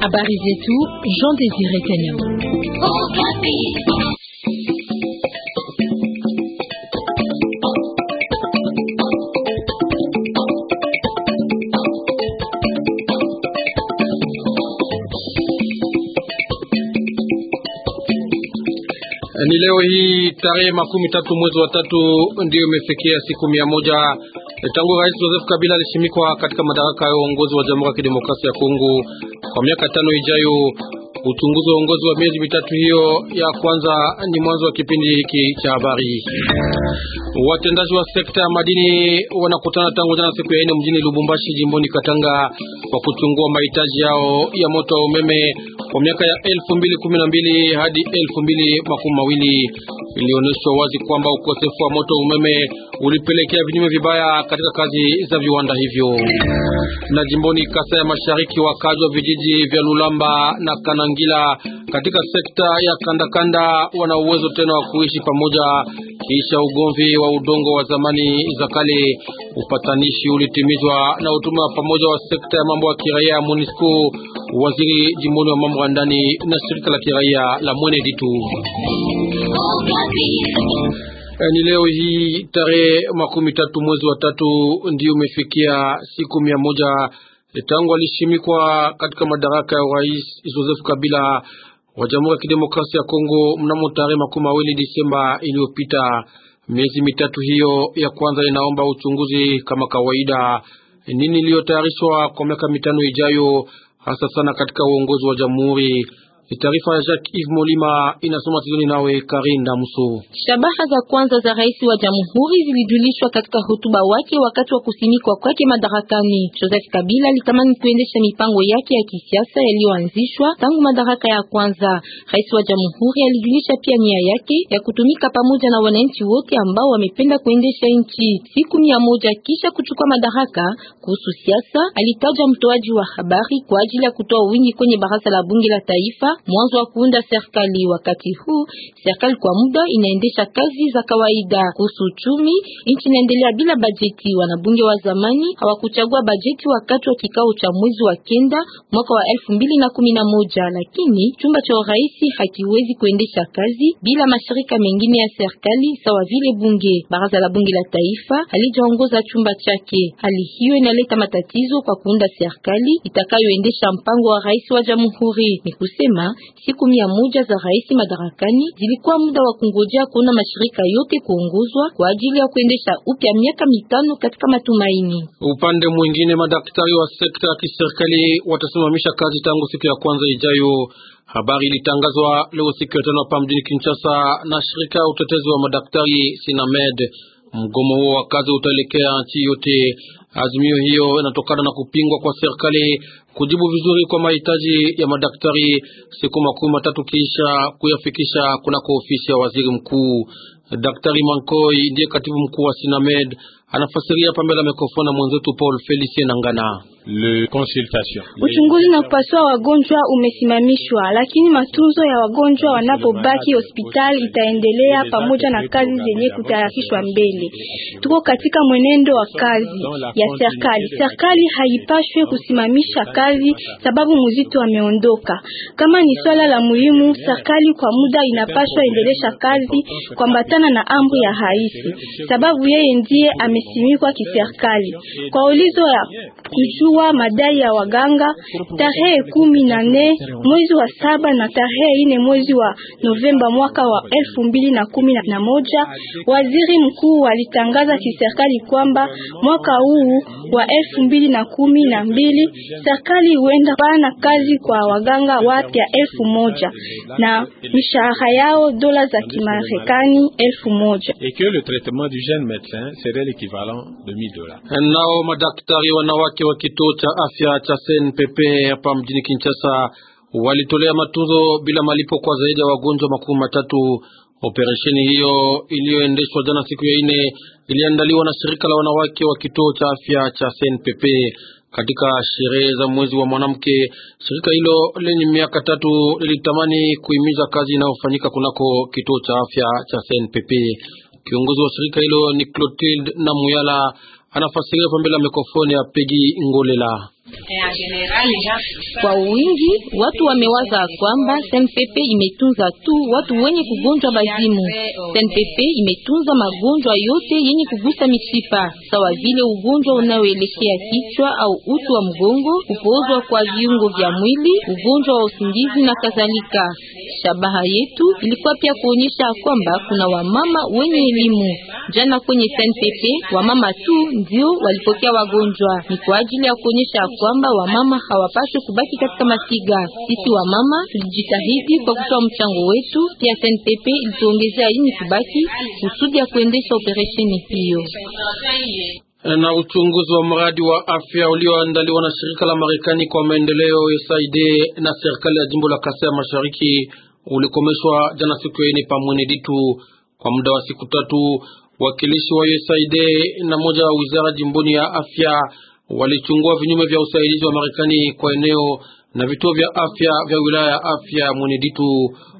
Habari zetu Jean Désiré Kanyama. Ni leo hii tarehe makumi tatu mwezi wa tatu ndio imefikia siku mia moja Tangu Rais Joseph Kabila alishimikwa katika madaraka ya uongozi wa Jamhuri ya Kidemokrasia ya Kongo kwa miaka tano ijayo, uchunguzi wa uongozi wa miezi mitatu hiyo ya kwanza ni mwanzo wa kipindi hiki cha habari. Watendaji wa sekta ya madini wanakutana tangu jana siku ya ine mjini Lubumbashi jimboni Katanga kwa kuchungua mahitaji yao ya moto wa umeme kwa miaka ya 2012 hadi 2020 ilionyeshwa wazi kwamba ukosefu wa moto umeme ulipelekea vinyume vibaya katika kazi za viwanda hivyo. Na jimboni kasa ya Mashariki, wakazi wa vijiji vya Lulamba na Kanangila katika sekta ya Kandakanda wana uwezo tena wa kuishi pamoja kisha ugomvi wa udongo wa zamani za kale Upatanishi ulitimizwa na utume wa pamoja wa sekta ya mambo ya kiraia ya MONUSCO, waziri jimboni wa mambo ya ndani na shirika la kiraia la Mwene Ditu. Eh, ni leo hii tarehe makumi tatu mwezi wa tatu ndio umefikia siku mia moja eh, tangu alishimikwa katika madaraka ya Rais Joseph Kabila wa Jamhuri ya Kidemokrasia ya Kongo mnamo tarehe makumi mawili Disemba iliyopita. Miezi mitatu hiyo ya kwanza inaomba uchunguzi kama kawaida, nini iliyotayarishwa kwa miaka mitano ijayo, hasa sana katika uongozi wa jamhuri Taarifa ya Jacques Yves Molima inasoma tizoni nawe Karinda Muso. Shabaha za kwanza za rais wa jamhuri zilijulishwa katika hotuba wake wakati wa kusimikwa kwake madarakani. Joseph Kabila alitamani kuendesha mipango yake ya kisiasa yaliyoanzishwa tangu madaraka ya kwanza. Rais wa jamhuri alijulisha pia nia yake ya kutumika pamoja na wananchi wote ambao wamependa kuendesha nchi. Siku mia moja kisha kuchukua madaraka, kuhusu siasa alitaja mtoaji wa habari kwa ajili ya kutoa wingi kwenye baraza la bunge la taifa mwanzo wa kuunda serikali. Wakati huu serikali kwa muda inaendesha kazi za kawaida. Kuhusu uchumi, nchi inaendelea bila bajeti. Wanabunge wa zamani hawakuchagua bajeti wakati wa kikao cha mwezi wa kenda mwaka wa elfu mbili na kumi na moja, lakini chumba cha uraisi hakiwezi kuendesha kazi bila mashirika mengine ya serikali sawa vile bunge. Baraza la bunge la taifa halijaongoza chumba chake. Hali hiyo inaleta matatizo kwa kuunda serikali itakayoendesha mpango wa rais wa jamhuri, ni kusema alisema siku mia moja za rais madarakani zilikuwa muda wa kungojea kuona mashirika yote kuongozwa kwa ajili ya kuendesha upya miaka mitano katika matumaini. Upande mwingine, madaktari wa sekta ya kiserikali watasimamisha kazi tangu siku ya kwanza ijayo. Habari ilitangazwa leo siku ya tano hapa mjini Kinshasa na shirika ya utetezi wa madaktari Sinamed. Mgomo huo wa kazi utaelekea nchi yote. Azimio hiyo inatokana na kupingwa kwa serikali kujibu vizuri kwa mahitaji ya madaktari siku makumi matatu kisha kuyafikisha kunako ofisi ya waziri mkuu. Daktari Mankoi ndiye katibu mkuu wa Sinamed, anafasiria pambela mikrofoni mwenzetu Paul Felicie Nangana le consultation. Uchunguzi na kupasua wagonjwa umesimamishwa, lakini matunzo ya wagonjwa wanapobaki hospitali itaendelea pamoja na kazi zenye kutayarishwa mbele. Tuko katika mwenendo wa kazi ya serikali. Serikali haipashwe kusimamisha kazi sababu muzito ameondoka. Kama ni swala la muhimu, serikali kwa muda inapashwa endelesha kazi kuambatana na amri ya haisi, sababu yeye ndiye amesimikwa kiserikali. Kwa ulizo ya kujua kuchungua madai ya waganga tarehe kumi na nne mwezi wa saba na tarehe ine mwezi wa Novemba mwaka wa elfu mbili na kumi na moja. Waziri mkuu alitangaza kiserikali kwamba mwaka huu wa elfu mbili na kumi na mbili serikali huenda pana kazi kwa waganga wapya elfu moja na mishahara yao dola za Kimarekani elfu moja nao madaktari wanawake wakitu Kituo cha afya cha SNPP hapa mjini Kinshasa walitolea matunzo bila malipo kwa zaidi ya wagonjwa makumi matatu. Operesheni hiyo iliyoendeshwa jana siku ya ine iliandaliwa na shirika la wanawake wa kituo cha afya cha SNPP katika sherehe za mwezi wa mwanamke. Shirika hilo lenye miaka tatu lilitamani kuhimiza kazi inayofanyika kunako kituo cha afya cha SNPP. Kiongozi wa shirika hilo ni Clotilde Namuyala anafasiria pombe la mikrofoni ya Pegi Ngolela. Kwa wingi watu wamewaza kwamba SNPP imetunza tu watu wenye kugonjwa bazimu. SNPP imetunza magonjwa yote yenye kugusa mishipa, sawa vile ugonjwa unaoelekea kichwa au uti wa mgongo, kupozwa kwa viungo vya mwili, ugonjwa wa usingizi na kadhalika shabaha yetu ilikuwa pia kuonyesha kwamba kuna wamama wenye elimu. Jana kwenye SNPP wamama tu ndio walipokea wagonjwa. Ni kwa ajili ya kuonyesha kwamba wamama hawapaswi kubaki katika masiga. Sisi wamama tulijitahidi kwa kutoa mchango wetu, pia SNPP ilituongezea yini kubaki kusudi ya kuendesha operesheni hiyo na uchunguzi wa mradi wa afya ulioandaliwa na shirika la Marekani kwa maendeleo USAID na serikali ya jimbo la Kasai Mashariki ulikomeshwa jana siku ya ine pamwene Ditu kwa muda wa siku tatu. Wakilishi wa USAID na moja wa wizara jimboni ya afya walichungua vinyume vya usaidizi wa Marekani kwa eneo na vituo vya afya vya wilaya ya afya Mweneditu.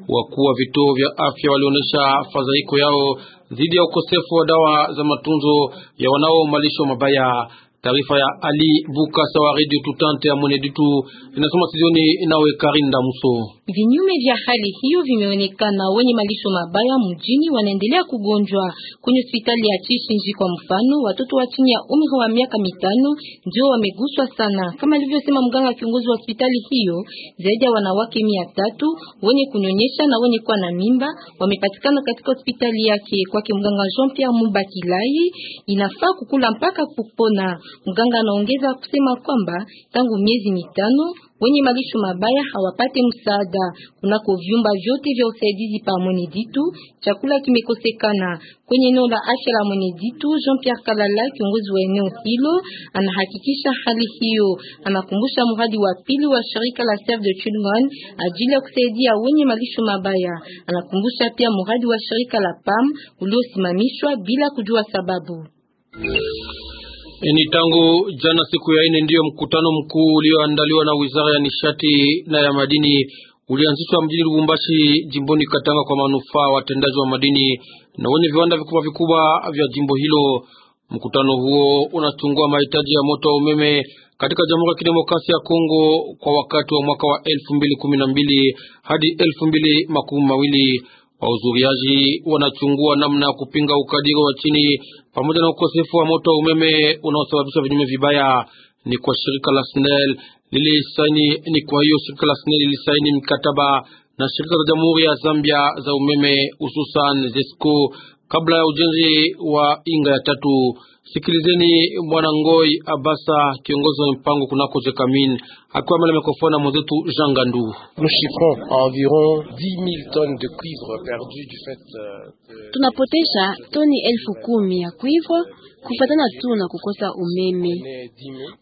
Wakuu wa vituo vya afya walionyesha fadhaiko yao dhidi ya ukosefu wa dawa za matunzo ya wanao malisho mabaya. Taarifa ya Ali Bukasa wa redio Tutante ya Mweneditu inasoma sizioni inawe Karinda Muso. Vinyume vya hali hiyo vimeonekana wenye malisho mabaya mjini wanaendelea kugonjwa. Kwenye hospitali ya Chishinji kwa mfano, watoto wa chini ya umri wa miaka mitano ndio wameguswa sana, kama alivyosema mganga wa kiongozi wa hospitali hiyo. Zaidi ya wanawake mia tatu wenye kunyonyesha na wenye kuwa na mimba wamepatikana katika hospitali yake. Kwake mganga Jean Pierre Mubakilai, inafaa kukula mpaka kupona. Mganga anaongeza kusema kwamba tangu miezi mitano wenye malisho mabaya hawapate msaada. Kunako vyumba vyote vya usaidizi pa Mweneditu chakula kimekosekana. Kwenye eneo la afya la Mweneditu, Jean Pierre Kalala, kiongozi wa eneo hilo, anahakikisha hali hiyo. Anakumbusha mradi wa pili wa shirika la Save the Children ajili ya kusaidia wenye malisho mabaya. Anakumbusha pia mradi wa shirika la PAM uliosimamishwa bila kujua sababu. E, ni tangu jana siku ya ine ndiyo mkutano mkuu ulioandaliwa na wizara ya nishati na ya madini ulianzishwa mjini Lubumbashi jimboni Katanga kwa manufaa watendaji wa madini na wenye viwanda vikubwa vikubwa vya jimbo hilo. Mkutano huo unachungua mahitaji ya moto wa umeme katika Jamhuri ya Kidemokrasia ya Kongo kwa wakati wa mwaka wa elfu mbili kumi na mbili hadi elfu mbili makumi mawili. Wahudhuriaji wanachungua namna ya kupinga ukadiri wa chini pamoja na ukosefu wa moto wa umeme unaosababisha vinyume vibaya. Ni kwa shirika la SNEL lilisaini, ni kwa hiyo shirika la SNEL lilisaini mkataba na shirika za Jamhuri ya Zambia za umeme hususan ZESCO kabla ya ujenzi wa Inga ya tatu. Sikilizeni Bwana Ngoi Abasa, kiongozi wa mpango kunako Jekamin, akiwa mbele mikrofoni na mwenzetu Jean Gandu. Euh, Tunapotesha toni elfu kumi ya cuivre kufatana tu na kukosa umeme,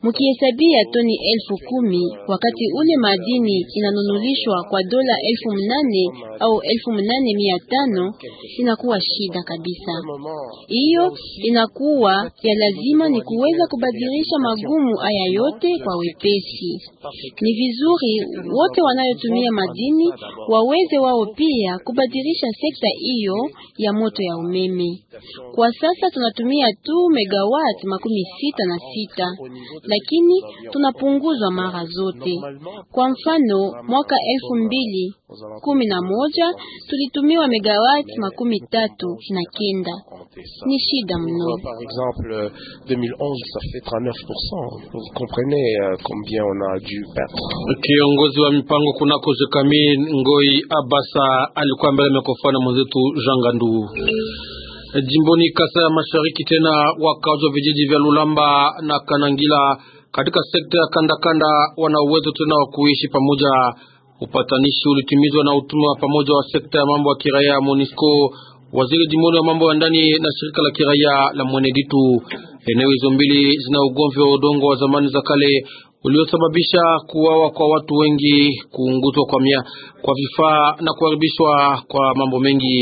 mukihesabia toni elfu kumi wakati ule madini inanunulishwa kwa dola elfu mnane au elfu mnane mia tano inakuwa shida kabisa. Hiyo inakuwa ya lazima ni kuweza kubadilisha magumu haya yote kwa wepesi. Ni vizuri wote wanayotumia madini waweze wao pia kubadilisha sekta hiyo ya moto ya umeme. Kwa sasa tunatumia tu megawatt makumi sita na sita, lakini tunapunguzwa mara zote. Kwa mfano mwaka elfu mbili kumi na moja tulitumiwa megawati makumi tatu na kenda. Ni shida mno exemple, 2011, ça fait 39%. Vous comprenez euh, combien on a dû perdre. Kiongozi wa mipango kunako Zekami Ngoi Abasa alikuwa mbele mikrofoni mwenzetu Jangandu. Jimboni Kasa ya Mashariki, tena wakazi wa vijiji vya Lulamba na Kanangila katika sekta ya kandakanda wana uwezo tena wa kuishi pamoja. Upatanishi ulitimizwa na utume wa pamoja wa sekta ya mambo ya kiraia MONUSCO waziri jimboni wa mambo ya ndani na shirika la kiraia la Mweneditu. Eneo hizo mbili zina ugomvi wa udongo wa zamani za kale uliosababisha kuwawa kwa watu wengi, kuunguzwa kwa mia kwa vifaa na kuharibishwa kwa mambo mengi.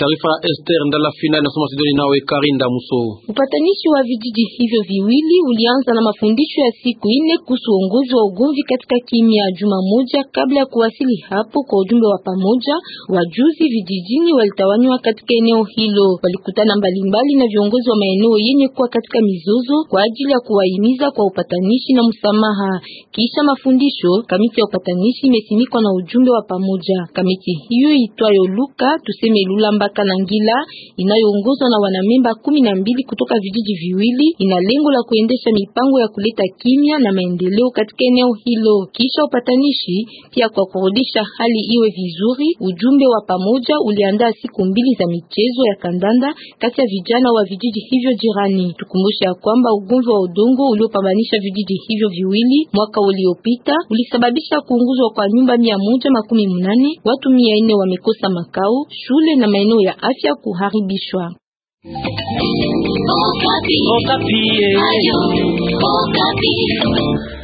Taarifa ya Esther Ndalafina inasoma Sidoni nawe Karinda Muso. Upatanishi wa vijiji hivyo viwili ulianza na mafundisho ya siku ine kuhusu uongozi wa ugomvi katika kimya juma moja kabla ya kuwasili hapo kwa ujumbe wa pamoja. Wajuzi vijijini walitawanywa katika eneo hilo, walikutana mbalimbali na viongozi wa maeneo yenye kuwa katika mizozo kwa ajili ya kuwahimiza kwa upatanishi na msamaha silaha. Kisha mafundisho, kamiti ya upatanishi imesimikwa na ujumbe wa pamoja. Kamiti hiyo itwayo Luka tuseme Lulambaka na Ngila inayoongozwa na wanamemba kumi na mbili kutoka vijiji viwili ina lengo la kuendesha mipango ya kuleta kimya na maendeleo katika eneo hilo. Kisha upatanishi pia kwa kurudisha hali iwe vizuri, ujumbe wa pamoja uliandaa siku mbili za michezo ya kandanda kati ya vijana wa vijiji hivyo jirani. Tukumbushe ya kwamba ugomvi wa udongo uliopambanisha vijiji hivyo viwili mbili mwaka uliopita ulisababisha kuunguzwa kwa nyumba mia moja makumi munane, watu mia nne wamekosa makao, shule na maeneo ya afya kuharibishwa. Okapi. Okapi. Eh. Ayo. Okapi.